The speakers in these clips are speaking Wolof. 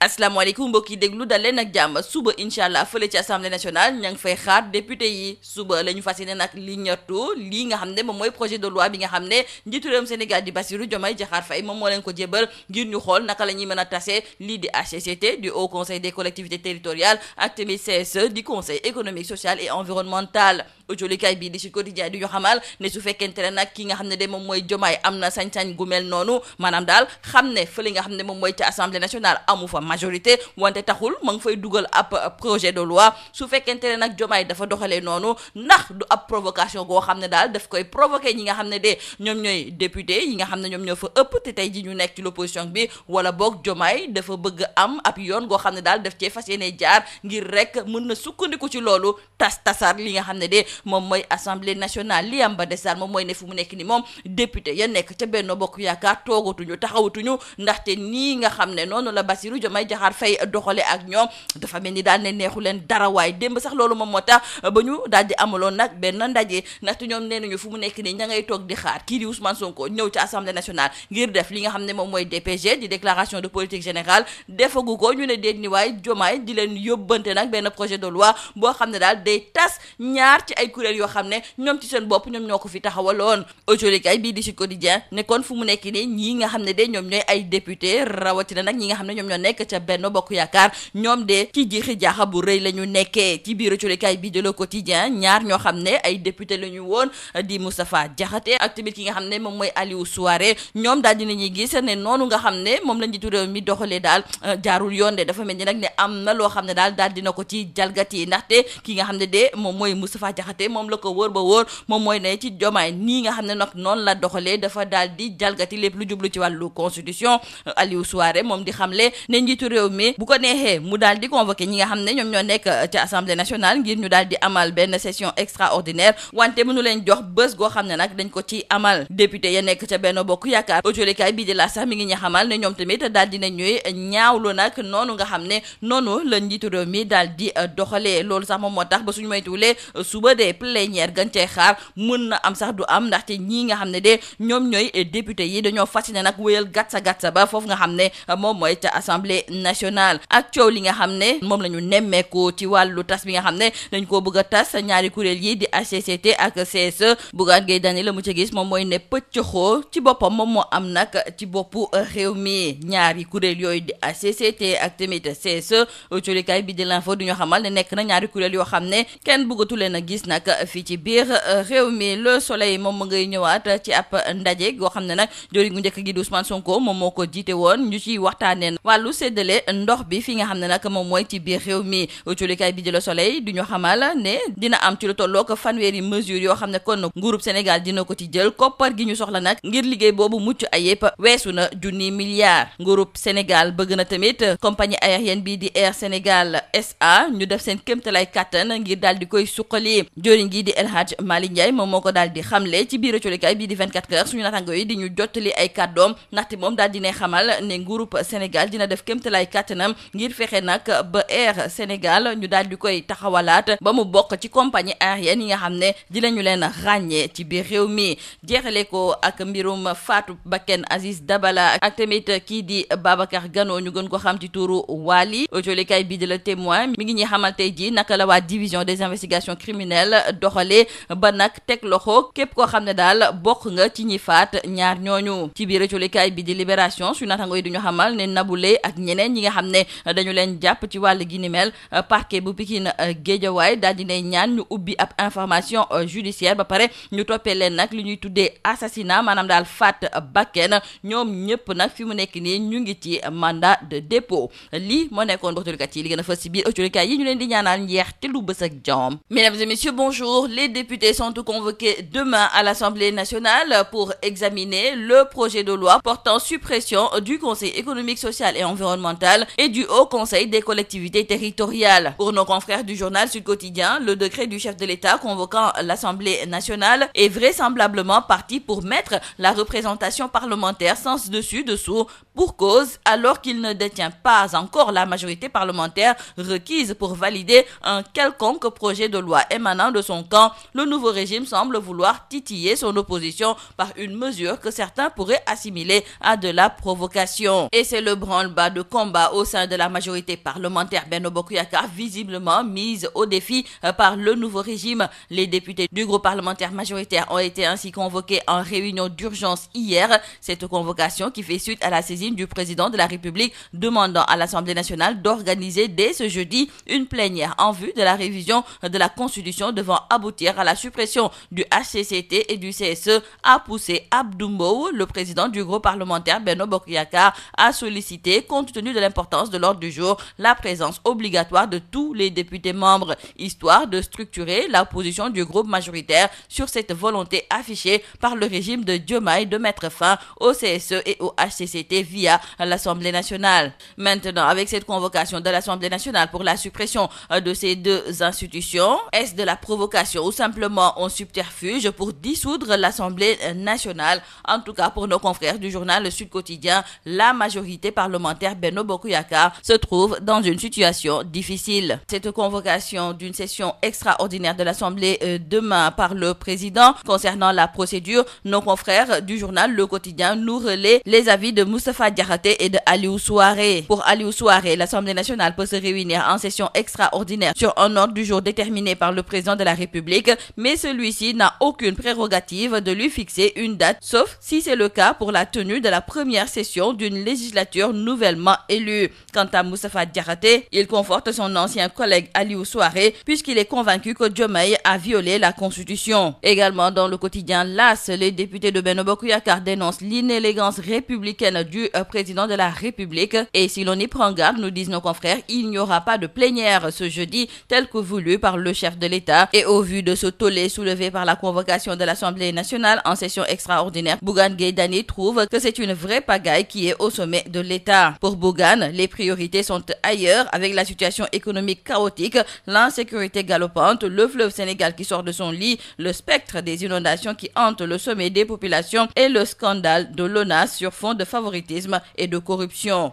asalaamaaleykum mbokk yi déglu dal leen ak jàmm suba incha allah fële ci assemblée nationale ña fay xaar député yi suba la ñu fas yéene nag li ñattu lii nga xam ne moom mooy projet de loi bi nga xam ne njiitu réewum Sénégal di Bassirou Diomaye Diakhar fay moom moo leen ko jébal ngir ñu xool naka la ñuy mën a tase lii di HCCT du haut conseil des collectivité territoriales ak tamit CSE du conseil économique social et environnemental jolikaay bii di si quotidien di ñu xamal ne su fekkente ne nag ki nga xam ne de moom mooy jomaay am na sañ-sañ gu mel noonu maanaam daal xam ne fële nga xam ne moom mooy ci assemblée nationale amu dugal ab projet de loi su fekkente ne nag jomaay dafa doxalee noonu ndax du ab provocation goo xam ne daal daf koy provoqué ñi nga xam ne de ñoom ñooy député yi nga xam ne ñoom ñoo fa ëpp te tey ji ñu nekk ci l'opposition bi wala boog jomaay dafa bëgg am ab yoon goo xam ne daal daf cee fas yéene jaar ngir rek mën na sukkandiku ci loolu tas tasar moom mooy assemblée nationale li am ba desaar moom mooy ne fu mu nekk nii moom député ya nekk ca Benno Bokk Yaakaar toogatuñu taxawatuñu ndaxte nii nga xam ne noonu la Bassirou Diomaye Diakhar fay doxale ak ñoom dafa mel ni daal ne neexu leen dara waaye démb sax loolu moom moo tax ba ñu daal di amaloon nag benn ndaje ndaxte ñoom nee nañu fu mu nekk nii ña ngay toog di xaar kii di Ousmane Sonko ñëw ci assemblée nationale ngir def li nga xam ne moom mooy DPG di déclaration de politique générale defagu ko ñu ne déet ni waaye Diomaye di leen yóbbante nag benn projet de loi boo xam ne daal day tas ñaar ay kuréel yoo xam ne ñoom ci seen bopp ñoom ñoo ko fi taxawaloon aujourd'hui kay bii di Sud Quotidien nekkoon fu mu nekk nii ñii nga xam ne de ñoom ñooy ay député rawatina nag ñi nga xam ne ñoom ñoo nekk ca benn Bokk Yaakaar ñoom de ci jiixi jaaxa bu rëy la ñu nekkee ci biir aujourd'hui kay bii de Le Quotidien ñaar ñoo xam ne ay député la ñu woon di Moustapha Diakhaté ak tamit ki nga xam ne moom mooy Aliou Souaré ñoom daal dinañuy gis ne noonu nga xam ne moom la njiitu réew mi doxalee daal euh, jaarul yoon de dafa mel ni nag ne am na loo xam ne daal daal dina ko ci jalgati ndaxte ki nga xam ne de moom mooy Moustapha jaxate moom la ko wóor ba wóor moom mooy ne ci jomaay nii nga xam ne nag noonu la doxalee dafa daal di jalgati lépp lu jublu ci wàllu constitution euh, Aliou Souaré moom di xamle ne njiitu réew mi bu ko neexee mu daal di convoqué ñi nga xam ne ñoom ñoo nekk euh, ci assemblée nationale ñu daal di amal benn session extraordinaire wante mënu leen jox bés goo xam ne nag dañ ko ci amal député ya nekk ca benn bokk yaakaar autolikaay bii di la sax mi ngi ña xamal ne ñoom tamit daal di nañ ñuy nag noonu nga xam ne noonu la njiitu réew mi daal di euh, doxalee loolu sax moom moo tax ba suñu moytuwulee suba dee plénière gën cee xaar mën na am sax du am ndaxte ñii nga xam ne de ñoom ñooy député yi dañoo fas yéene nag wéyal gatsa gatsa ba foofu nga xam ne moom mooy ca assemblée nationale ak coow li nga xam ne moom la ñu nemmeeku ci wàllu tas bi nga xam ne dañ koo bëgg a tas ñaari kuréel yi di HCCT ak CSE Bougane Gueye Dany la mu ca gis moom mooy ne pëccëxoo ci boppam moom moo am nag ci boppu réew mi ñaari kuréel yooyu di HCCT ak tamit e. bi di l'info du ñu xamal ne nekk na ñaari kuréel yoo xam ne kenn bëggatu a gis nag fii ci biir eh, réew mi le soleil moom mu ngay ñëwaat ci ab ndaje goo xam ne nag jori gu njëkk gi di Ousmane Sonko moom moo ko jiite woon ñu ci waxtaanee wàllu séddale ndox bi fi xam ne nag moom mooy ci biir réew mi culikaay bi di le soleil du ñu xamal ne dina am ci lu tolloo ko fanweeri mesure yoo xam ne kon nguurub Sénégal dina ko ci jël koppar gi ñu soxla nag ngir liggéey boobu mucc ayëpp weesu na junni milliards nguurub Sénégal bëgg na tamit compagnie aérienne bi di Air Sénégal SA ñu def seen kéemtalaay kàttan ngir daal di koy suqali joriñ gi di El Hadj Malick Ndiaye moom moo ko daal di xamle ci biir colikaay bii di 24 heures suñu natango yi di ñu jottali ay kàddoom ndaxte moom daal di ne xamal ne nguurub Sénégal dina def kéemtalaay kàttanam ngir fexe nag ba Air Sénégal ñu daal di koy taxawalaat ba mu bokk ci compagnie aérienne yi nga xam ne dinañu leen ràññee ci biir réew mii jeexale ko ak mbirum faatu ba bakken Aziz Dabala ak tamit kii di Babacar Gano ñu gën ko xam ci tuuru Wali colikaay bii di la témoin mi ngi ñuy xamal tey ji naka la waa division des investigations criminelles daal doxalee ba nag teg loxo képp koo xam ne daal bokk nga ci ñi faat ñaar ñooñu ci biir colikaay bi di libération suñu naataango yi duñu xamal ne Nabou Leye ak ñeneen ñi nga xam ne dañu leen jàpp ci wàll gi ni mel parquet bu Pikine Guédiawaye daal di ne ñaan ñu ubbi ab information judiciaire ba pare ñu toppee leen nag li ñuy tuddee assassinat maanaam daal faat bakken ñoom ñëpp nag fi mu nekk nii ñu ngi ci mandat de dépôt lii moo nekkoon bokk ci li gën a fës yi ñu leen di ñaanal njeex te lu bës bonjour. Les députés sont convoqués demain à l'Assemblée nationale pour examiner le projet de loi portant suppression du Conseil économique, social et environnemental et du Haut Conseil des collectivités territoriales. Pour nos confrères du journal Sud Quotidien, le décret du chef de l'État convoquant l'Assemblée nationale est vraisemblablement parti pour mettre la représentation parlementaire sens dessus dessous pour cause alors qu'il ne détient pas sein de son camp. Le nouveau régime semble vouloir titiller son opposition par une mesure que certains pourraient assimiler à de la provocation. Et c'est le branle-bas de combat au sein de la majorité parlementaire Benno Bokk visiblement mise au défi euh, par le nouveau régime. Les députés du groupe parlementaire majoritaire ont été ainsi convoqués en réunion d'urgence hier. Cette convocation qui fait suite à la saisine du président de la République demandant devant aboutir à la suppression du HCCT et du CSE a poussé Abdoumbo, le président du groupe parlementaire Beno Bokriakar, à solliciter, compte tenu de l'importance de l'ordre du jour, la présence obligatoire de tous les députés membres, histoire de structurer la position du groupe majoritaire sur cette volonté affichée par le régime de Diomaye de mettre fin au CSE et au HCCT via l'Assemblée nationale. Maintenant, avec cette convocation de l'Assemblée nationale pour la suppression euh, de ces deux provocation ou simplement un subterfuge pour dissoudre l'Assemblée nationale. En tout cas, pour nos confrères du journal Le Sud Quotidien, la majorité parlementaire Benno Bokuyakar se trouve dans une situation difficile. Cette convocation d'une session extraordinaire de l'Assemblée euh, demain par le président concernant la procédure, nos confrères du journal Le Quotidien nous relaient les avis de Moustapha Diarraté et de Aliou Souaré. Pour Aliou Souaré, l'Assemblée nationale président de la République, mais celui-ci n'a aucune prérogative de lui fixer une date, sauf si c'est le cas pour la tenue de la première session d'une législature nouvellement élue. Quant à Moustapha Diakhaté, il conforte son ancien collègue Aliou Souaré, puisqu'il est convaincu que Diomaye a violé la Constitution. Également dans le quotidien LAS, les députés de Benobokuyakar dénoncent l'inélégance républicaine du président de la République. Et si l'on y prend Diawara et au vu de ce tollé soulevé par la convocation de l'Assemblée nationale en session extraordinaire, Bougane Gueye trouve que c'est une vraie pagaille qui est au sommet de l'État. Pour Bougane, les priorités sont ailleurs avec la situation économique chaotique, l'insécurité galopante, le fleuve Sénégal qui sort de son lit, le spectre des inondations qui hante le sommet des populations et le scandale de l'ONAS sur fond de favoritisme et de corruption.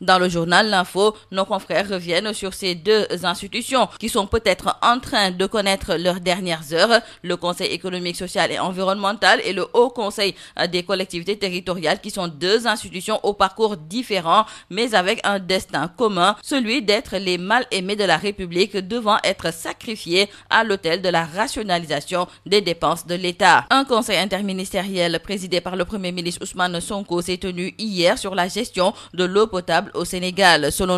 leurs dernières heures. Le Conseil économique, social et environnemental et le Haut Conseil euh, des collectivités territoriales qui sont deux institutions au parcours différent mais avec un destin commun, celui d'être les mal-aimés de la République devant être sacrifiés à l'autel de la rationalisation des dépenses de l'État. Un conseil interministériel présidé par le Premier ministre Ousmane Sonko s'est tenu hier sur la gestion de l'eau potable au Sénégal. Selon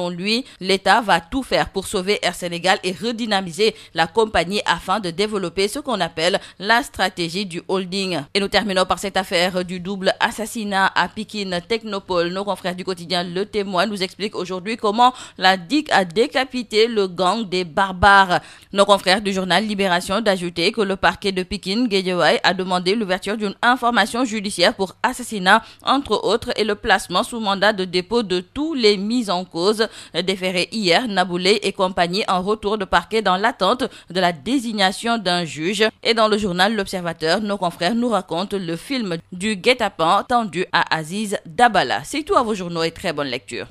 Selon lui, l'État va tout faire pour sauver Air Sénégal et redynamiser la compagnie afin de développer ce qu'on appelle la stratégie du holding. Et nous terminons par cette affaire du double assassinat à Pikine Technopole. Nos confrères du quotidien Le Témoin nous expliquent aujourd'hui comment la DIC a décapité le gang des barbares. Nos confrères du journal Libération d'ajouter que le parquet de Pikine Guédiawaye a demandé l'ouverture d'une information judiciaire déféré hier Naboulé et compagnie en retour de parquet dans l'attente de la désignation d'un juge. Et dans le journal L'Observateur, nos confrères nous racontent le film du guet-apens tendu à Aziz Dabala. C'est tout à vos journaux et très bonne lecture.